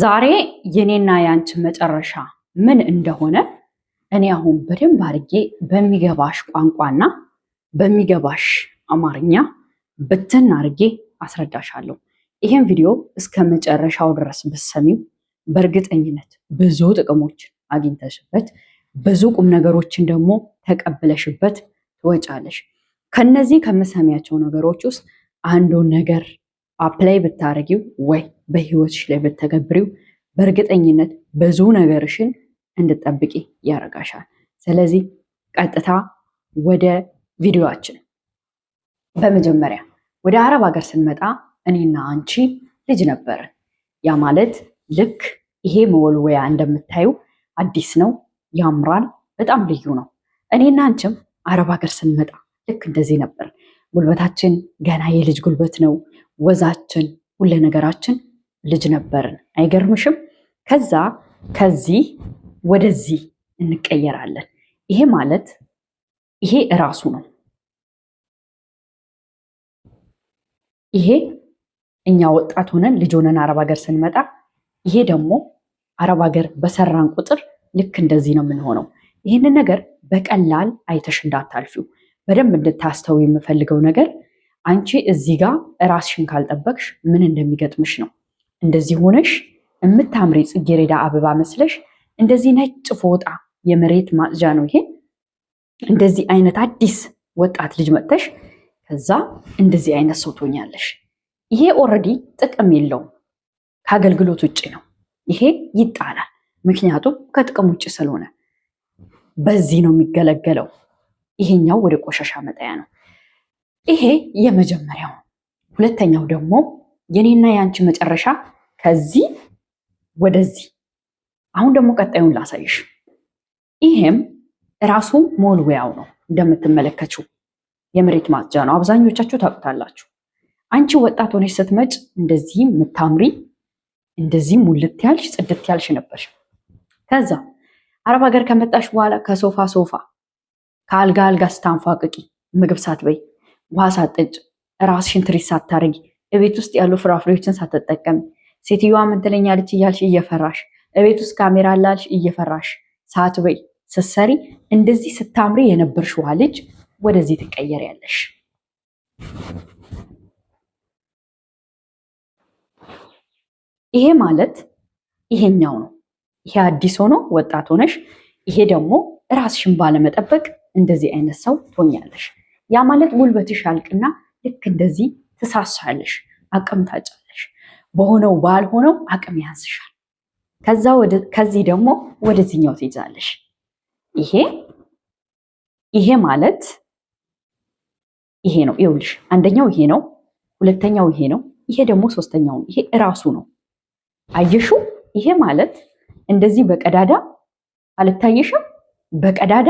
ዛሬ የኔና ያንቺ መጨረሻ ምን እንደሆነ እኔ አሁን በደንብ አድርጌ በሚገባሽ ቋንቋና በሚገባሽ አማርኛ ብትን አድርጌ አስረዳሻለሁ። ይህን ቪዲዮ እስከ መጨረሻው ድረስ ብትሰሚው በእርግጠኝነት ብዙ ጥቅሞች አግኝተሽበት ብዙ ቁም ነገሮችን ደግሞ ተቀብለሽበት ትወጫለሽ። ከነዚህ ከምሰሚያቸው ነገሮች ውስጥ አንዱ ነገር አፕላይ ብታደረጊው ወይ በህይወትሽ ላይ ብተገብሪው በእርግጠኝነት ብዙ ነገርሽን እንድጠብቂ ያደርጋሻል። ስለዚህ ቀጥታ ወደ ቪዲዮችን። በመጀመሪያ ወደ አረብ ሀገር ስንመጣ እኔና አንቺ ልጅ ነበርን። ያ ማለት ልክ ይሄ መወልወያ እንደምታዩ አዲስ ነው፣ ያምራል፣ በጣም ልዩ ነው። እኔና አንቺም አረብ ሀገር ስንመጣ ልክ እንደዚህ ነበር። ጉልበታችን ገና የልጅ ጉልበት ነው። ወዛችን፣ ሁለ ነገራችን ልጅ ነበርን። አይገርምሽም? ከዛ ከዚህ ወደዚህ እንቀየራለን። ይሄ ማለት ይሄ እራሱ ነው። ይሄ እኛ ወጣት ሆነን ልጅ ሆነን አረብ ሀገር ስንመጣ፣ ይሄ ደግሞ አረብ ሀገር በሰራን ቁጥር ልክ እንደዚህ ነው የምንሆነው። ይህንን ነገር በቀላል አይተሽ እንዳታልፊው። በደንብ እንድታስተው የምፈልገው ነገር አንቺ እዚህ ጋር ራስሽን ካልጠበቅሽ ምን እንደሚገጥምሽ ነው። እንደዚህ ሆነሽ የምታምሪ ጽጌሬዳ አበባ መስለሽ እንደዚህ ነጭ ፎጣ የመሬት ማጽጃ ነው ይሄ። እንደዚህ አይነት አዲስ ወጣት ልጅ መጥተሽ ከዛ እንደዚህ አይነት ሰው ትሆኛለሽ። ይሄ ኦልሬዲ ጥቅም የለውም፣ ከአገልግሎት ውጭ ነው። ይሄ ይጣላል፣ ምክንያቱም ከጥቅም ውጭ ስለሆነ በዚህ ነው የሚገለገለው። ይሄኛው ወደ ቆሻሻ መጣያ ነው። ይሄ የመጀመሪያው። ሁለተኛው ደግሞ የኔና የአንቺ መጨረሻ ከዚህ ወደዚህ። አሁን ደግሞ ቀጣዩን ላሳይሽ። ይሄም ራሱ ሞልዌያው ነው። እንደምትመለከችው የመሬት ማጽጃ ነው። አብዛኞቻችሁ ታውቁታላችሁ። አንቺ ወጣት ሆነሽ ስትመጭ እንደዚህ ምታምሪ እንደዚህ ሙልት ያልሽ ጽድት ያልሽ ነበርሽ። ከዛ አረብ ሀገር ከመጣሽ በኋላ ከሶፋ ሶፋ ከአልጋ አልጋ ስታንፏቅቂ፣ ምግብ ሳትበይ፣ ውሃ ሳትጠጭ፣ ራስሽን ትሪት ሳታረጊ፣ እቤት ውስጥ ያሉ ፍራፍሬዎችን ሳትጠቀሚ፣ ሴትዮዋ ምን ትለኛለች እያልሽ እየፈራሽ፣ እቤት ውስጥ ካሜራ አላልሽ እየፈራሽ ሳትበይ ስትሰሪ፣ እንደዚህ ስታምሪ የነበርሽ ውሃ ልጅ ወደዚህ ትቀየሪያለሽ። ይሄ ማለት ይሄኛው ነው። ይሄ አዲስ ሆኖ ወጣት ሆነሽ፣ ይሄ ደግሞ ራስሽን ባለመጠበቅ እንደዚህ አይነት ሰው ትሆኛለሽ። ያ ማለት ጉልበትሽ ያልቅና ልክ እንደዚህ ትሳሳለሽ፣ አቅም ታጫለሽ። በሆነው ባልሆነው አቅም ያንስሻል። ከዚህ ደግሞ ወደዚህኛው ትይዛለሽ። ይሄ ይሄ ማለት ይሄ ነው። ይኸውልሽ አንደኛው ይሄ ነው፣ ሁለተኛው ይሄ ነው፣ ይሄ ደግሞ ሶስተኛው ይሄ እራሱ ነው። አየሹ? ይሄ ማለት እንደዚህ በቀዳዳ አልታየሽም? በቀዳዳ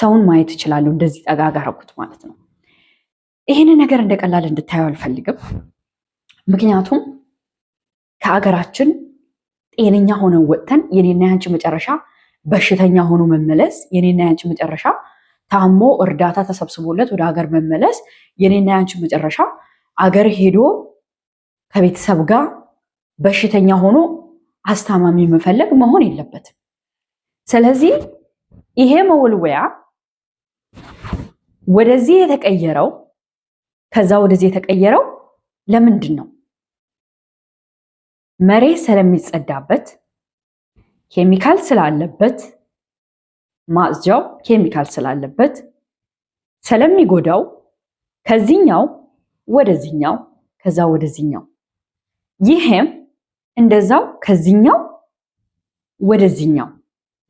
ሰውን ማየት እችላለሁ። እንደዚህ ጠጋ ጋረኩት ማለት ነው። ይህን ነገር እንደቀላል እንድታየው አልፈልግም። ምክንያቱም ከአገራችን ጤነኛ ሆነን ወጥተን የኔና ያንቺ መጨረሻ በሽተኛ ሆኖ መመለስ፣ የኔና ያንቺ መጨረሻ ታሞ እርዳታ ተሰብስቦለት ወደ ሀገር መመለስ፣ የኔና ያንቺ መጨረሻ አገር ሄዶ ከቤተሰብ ጋር በሽተኛ ሆኖ አስታማሚ መፈለግ መሆን የለበትም። ስለዚህ ይሄ መወልወያ ወደዚህ የተቀየረው ከዛ ወደዚህ የተቀየረው ለምንድን ነው? መሬት ስለሚጸዳበት፣ ኬሚካል ስላለበት፣ ማጽጃው ኬሚካል ስላለበት ስለሚጎዳው ከዚህኛው ወደዚህኛው ከዛ ወደዚህኛው ይሄም እንደዛው ከዚህኛው ወደዚህኛው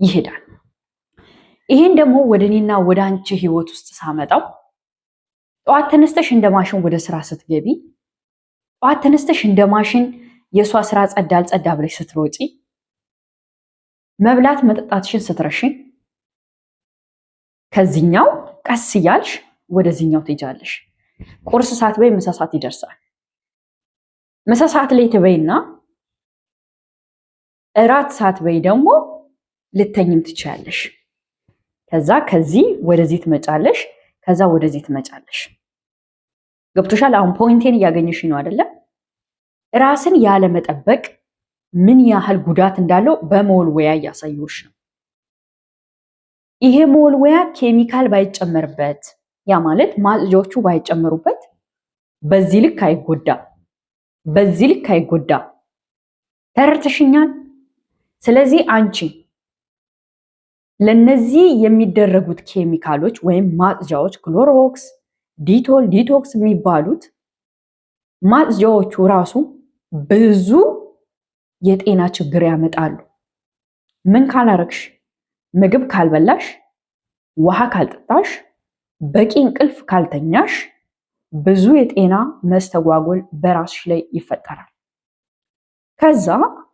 ይሄዳል። ይሄን ደግሞ ወደ እኔና ወደ አንቺ ህይወት ውስጥ ሳመጣው ጠዋት ተነስተሽ እንደ ማሽን ወደ ስራ ስትገቢ፣ ጠዋት ተነስተሽ እንደ ማሽን የእሷ ስራ ጸዳ አልጸዳ ብለሽ ስትሮጪ፣ መብላት መጠጣትሽን ስትረሺ፣ ከዚኛው ቀስ እያልሽ ወደዚኛው ትሄጃለሽ። ቁርስ ሳትበይ ምሳ ሰዓት ይደርሳል። ምሳ ሰዓት ላይ ትበይና እራት በይ ደግሞ ልተኝም ትችያለሽ። ከዛ ከዚህ ወደዚህ ትመጫለሽ፣ ከዛ ወደዚህ ትመጫለሽ። ገብቶሻል? አሁን ፖይንቴን እያገኘሽ ነው አይደለም? ራስን ያለመጠበቅ ምን ያህል ጉዳት እንዳለው በመወልወያ እያሳየሁሽ ነው። ይሄ መወልወያ ኬሚካል ባይጨመርበት፣ ያ ማለት ማጽጃዎቹ ባይጨመሩበት በዚህ ልክ አይጎዳ፣ በዚህ ልክ አይጎዳ። ተረድተሽኛል? ስለዚህ አንቺ ለነዚህ የሚደረጉት ኬሚካሎች ወይም ማጽጃዎች ክሎሮክስ፣ ዲቶል፣ ዲቶክስ የሚባሉት ማጽጃዎቹ ራሱ ብዙ የጤና ችግር ያመጣሉ። ምን ካላረግሽ፣ ምግብ ካልበላሽ፣ ውሃ ካልጠጣሽ፣ በቂ እንቅልፍ ካልተኛሽ ብዙ የጤና መስተጓጎል በራስሽ ላይ ይፈጠራል። ከዛ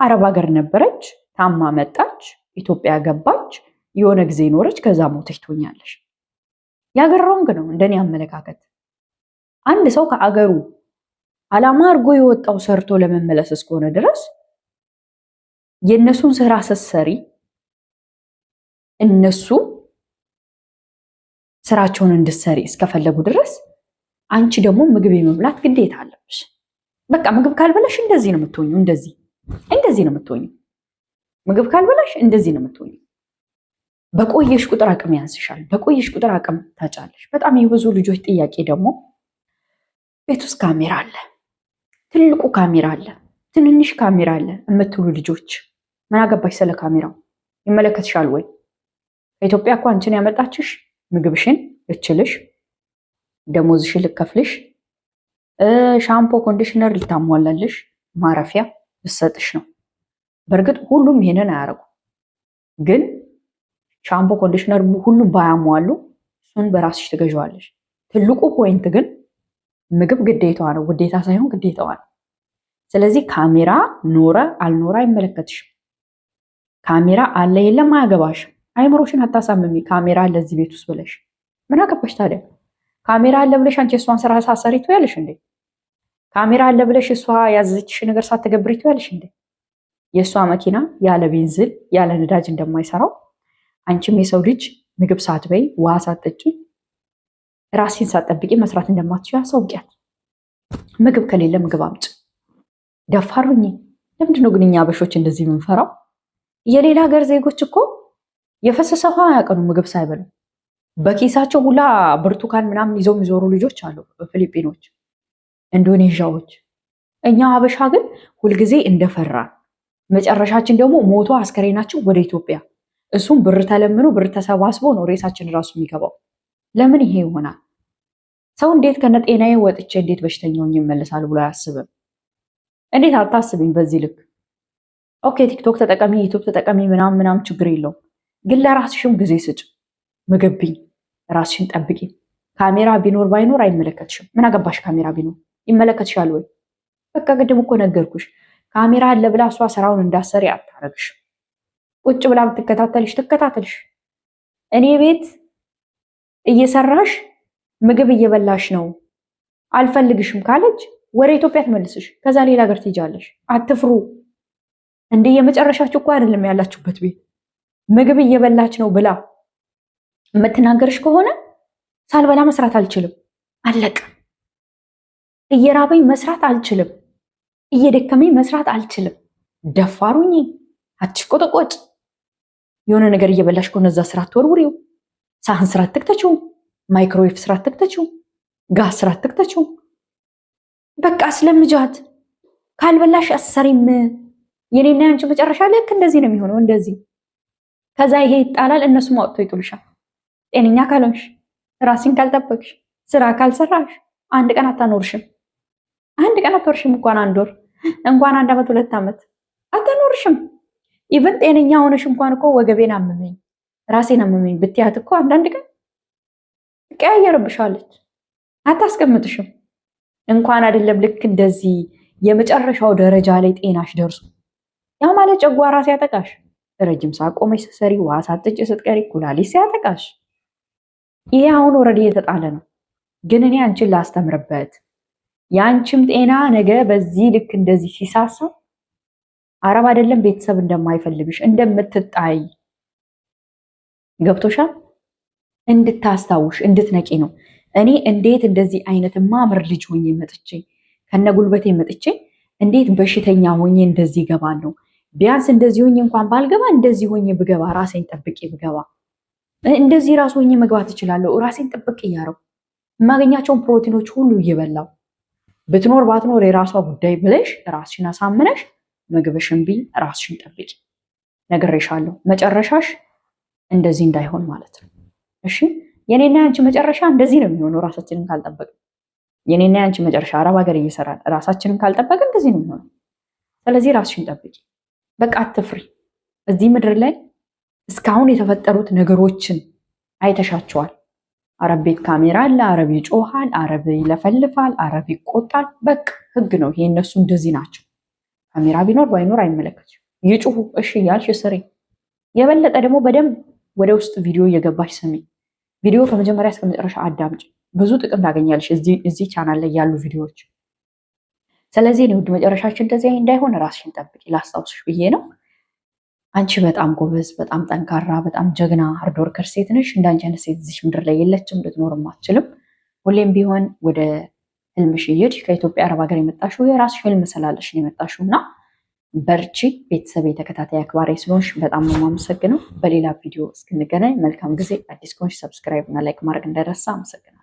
አረብ ሀገር ነበረች፣ ታማ መጣች፣ ኢትዮጵያ ገባች። የሆነ ጊዜ ኖረች፣ ከዛ ሞተች ትሆኛለሽ። የሀገር ሮንግ ነው እንደኔ አመለካከት። አንድ ሰው ከአገሩ አላማ አድርጎ የወጣው ሰርቶ ለመመለስ እስከሆነ ድረስ የእነሱን ስራ ስትሰሪ እነሱ ስራቸውን እንድትሰሪ እስከፈለጉ ድረስ አንቺ ደግሞ ምግብ የመብላት ግዴታ አለብሽ። በቃ ምግብ ካልበላሽ እንደዚህ ነው የምትሆኙ፣ እንደዚህ እንደዚህ ነው የምትሆኙ፣ ምግብ ካልበላሽ እንደዚህ ነው የምትሆኙ። በቆየሽ ቁጥር አቅም ያንስሻል። በቆየሽ ቁጥር አቅም ታጫለሽ። በጣም የብዙ ልጆች ጥያቄ ደግሞ ቤት ውስጥ ካሜራ አለ፣ ትልቁ ካሜራ አለ፣ ትንንሽ ካሜራ አለ የምትሉ ልጆች ምን አገባሽ ስለ ካሜራው? ይመለከትሻል ወይ? ከኢትዮጵያ እኮ አንቺን ያመጣችሽ ምግብሽን ልችልሽ፣ ደሞዝሽን ልከፍልሽ፣ ሻምፖ ኮንዲሽነር ልታሟላልሽ፣ ማረፊያ ልሰጥሽ ነው። በእርግጥ ሁሉም ይሄንን አያደርጉ ግን ሻምፖ፣ ኮንዲሽነር ሁሉም ባያሟሉ እሱን በራስሽ ትገዣዋለሽ። ትልቁ ፖይንት ግን ምግብ ግዴታዋ ነው፣ ውዴታ ሳይሆን ግዴታዋ ነው። ስለዚህ ካሜራ ኖረ አልኖረ አይመለከትሽም። ካሜራ አለ የለም አያገባሽም። አይምሮሽን አታሳምሚ። ካሜራ አለ እዚህ ቤት ውስጥ ብለሽ ምን አገባሽ ታዲያ? ካሜራ አለ ብለሽ አንቺ እሷን ስራ ሳሰሪ ትያለሽ እንዴ? ካሜራ አለ ብለሽ እሷ ያዘችሽ ነገር ሳትገብሪ ትያለሽ እንዴ? የእሷ መኪና ያለ ቤንዝል ያለ ነዳጅ እንደማይሰራው አንቺም የሰው ልጅ ምግብ ሳትበይ ውሃ ሳትጠጪ ራሴን ሳትጠብቂ መስራት እንደማትችል አሳውቂያት። ምግብ ከሌለ ምግብ አምጭ። ደፋር ሁኚ። ግን እኛ አበሾች እንደዚህ የምንፈራው? የሌላ ሀገር ዜጎች እኮ የፈሰሰ ውሃ ያቀኑ ምግብ ሳይበሉ በኪሳቸው ሁላ ብርቱካን ምናምን ይዘው የሚዞሩ ልጆች አሉ። ፊሊፒኖች፣ ኢንዶኔዥያዎች። እኛ ሀበሻ ግን ሁልጊዜ እንደፈራ መጨረሻችን ደግሞ ሞቶ አስከሬናችን ወደ ኢትዮጵያ እሱም ብር ተለምኖ ብር ተሰባስቦ ነው ሬሳችን ራሱ የሚገባው። ለምን ይሄ ይሆናል? ሰው እንዴት ከነጤናዬ ወጥቼ እንዴት በሽተኛውን ይመለሳል ብሎ አያስብም? እንዴት አታስብኝ በዚህ ልክ። ኦኬ ቲክቶክ ተጠቀሚ፣ ዩቱብ ተጠቀሚ ምናም ምናም ችግር የለውም ግን ለራስሽም ጊዜ ስጭ። ምግብኝ፣ ራስሽን ጠብቂ። ካሜራ ቢኖር ባይኖር አይመለከትሽም። ምን አገባሽ ካሜራ ቢኖር ይመለከትሻል ወይ? በቃ ቅድም እኮ ነገርኩሽ። ካሜራ አለ ብላ እሷ ስራውን እንዳሰሪ አታረግሽም። ቁጭ ብላ ብትከታተልሽ ትከታተልሽ። እኔ ቤት እየሰራሽ ምግብ እየበላሽ ነው አልፈልግሽም ካለች ወደ ኢትዮጵያ ትመልስሽ። ከዛ ሌላ ሀገር ትሄጃለሽ። አትፍሩ። እንደ የመጨረሻችሁ እኮ አይደለም ያላችሁበት ቤት። ምግብ እየበላች ነው ብላ የምትናገርሽ ከሆነ ሳልበላ መስራት አልችልም፣ አለቀ። እየራበኝ መስራት አልችልም፣ እየደከመኝ መስራት አልችልም። ደፋሩኝ፣ አትሽቆጠቆጭ። የሆነ ነገር እየበላሽ ከሆነ እዛ ስራ አትወርውሪው። ሳህን ስራ አትክተችው። ማይክሮዌቭ ስራ አትክተችው። ጋዝ ስራ አትክተችው። በቃ ስለምጃት ካልበላሽ አሰሪም የኔና ያንቺ መጨረሻ ልክ እንደዚህ ነው የሚሆነው። እንደዚህ ከዛ ይሄ ይጣላል፣ እነሱ ማውጥቶ ይጥሉሻል። ጤነኛ ካልሆንሽ፣ ራሲን ካልጠበቅሽ፣ ስራ ካልሰራሽ አንድ ቀን አታኖርሽም። አንድ ቀን አትኖርሽም። እንኳን አንድ ወር እንኳን አንድ አመት ሁለት ዓመት አታኖርሽም። ኢቨን ጤነኛ ሆነሽ እንኳን እኮ ወገቤን አመመኝ ራሴን አመመኝ ብትያት እኮ አንዳንድ ቀን ትቀያየርብሻለች፣ አታስቀምጥሽም። እንኳን አይደለም ልክ እንደዚህ የመጨረሻው ደረጃ ላይ ጤናሽ ደርሶ ያ ማለት ጨጓራ ሲያጠቃሽ፣ ረጅም ሳቆመሽ ቆመሽ ስትሰሪ፣ ውሃ ስጥቀሪ፣ ስትቀሪ፣ ኩላሊት ሲያጠቃሽ፣ ይሄ አሁን ወረድ እየተጣለ ነው። ግን እኔ አንቺን ላስተምርበት፣ የአንቺም ጤና ነገ በዚህ ልክ እንደዚህ ሲሳሳ አረብ አይደለም ቤተሰብ እንደማይፈልግሽ እንደምትጣይ ገብቶሻል። እንድታስታውሽ እንድትነቂ ነው። እኔ እንዴት እንደዚህ አይነት ማምር ልጅ ሆኜ መጥቼ ከነ ጉልበቴ መጥቼ እንዴት በሽተኛ ሆኜ እንደዚህ ገባለሁ? ቢያንስ እንደዚህ ሆኜ እንኳን ባልገባ እንደዚህ ሆኜ ብገባ ራሴን ጠብቄ ብገባ እንደዚህ ራሱ ሆኜ መግባት እችላለሁ። ራሴን ጥብቅ እያረው የማገኛቸውን ፕሮቲኖች ሁሉ እየበላው ብትኖር ባትኖር የራሷ ጉዳይ ብለሽ ራስሽን አሳምነሽ ምግብሽን ብይ፣ ራስሽን ጠብቂ። ነግሬሻለሁ፣ መጨረሻሽ እንደዚህ እንዳይሆን ማለት ነው። እሺ የኔና ያንቺ መጨረሻ እንደዚህ ነው የሚሆነው፣ ራሳችንን ካልጠበቅን። የኔና ያንቺ መጨረሻ አረብ ሀገር እየሰራን ራሳችንን ካልጠበቅን እንደዚህ ነው የሚሆነው። ስለዚህ ራስሽን ጠብቂ፣ በቃ አትፍሪ። እዚህ ምድር ላይ እስካሁን የተፈጠሩት ነገሮችን አይተሻቸዋል። አረብ ቤት ካሜራ አለ፣ አረብ ይጮሃል፣ አረብ ይለፈልፋል፣ አረብ ይቆጣል። በቃ ህግ ነው ይሄ። እነሱ እንደዚህ ናቸው። ካሜራ ቢኖር ባይኖር አይመለከትም ይጩሁ እሺ እያልሽ ስሪ። የበለጠ ደግሞ በደንብ ወደ ውስጥ ቪዲዮ እየገባሽ ስሚ። ቪዲዮ ከመጀመሪያ እስከ መጨረሻ አዳምጭ። ብዙ ጥቅም ታገኛለሽ እዚህ ቻናል ላይ ያሉ ቪዲዮዎች። ስለዚህ ውድ መጨረሻችን እንደዚህ እንዳይሆን ራስሽን ጠብቂ ላስታውስሽ ብዬ ነው። አንቺ በጣም ጎበዝ፣ በጣም ጠንካራ፣ በጣም ጀግና ሃርድ ወርከር ሴት ነሽ። እንዳንቺ አይነት ሴት እዚች ምድር ላይ የለችም፣ ልትኖርም አትችልም። ሁሌም ቢሆን ወደ ህልምሽ ይሂድ። ከኢትዮጵያ አረብ ሀገር የመጣሽው የራስሽ ህልም ስላለሽ ነው የመጣሽው እና በርቺ። ቤተሰብ የተከታታይ አክባሪ ስለሆንሽ በጣም ነው የማመሰግነው። በሌላ ቪዲዮ እስክንገናኝ መልካም ጊዜ። አዲስ ከሆንሽ ሰብስክራይብ እና ላይክ ማድረግ እንዳይረሳ። አመሰግናለሁ።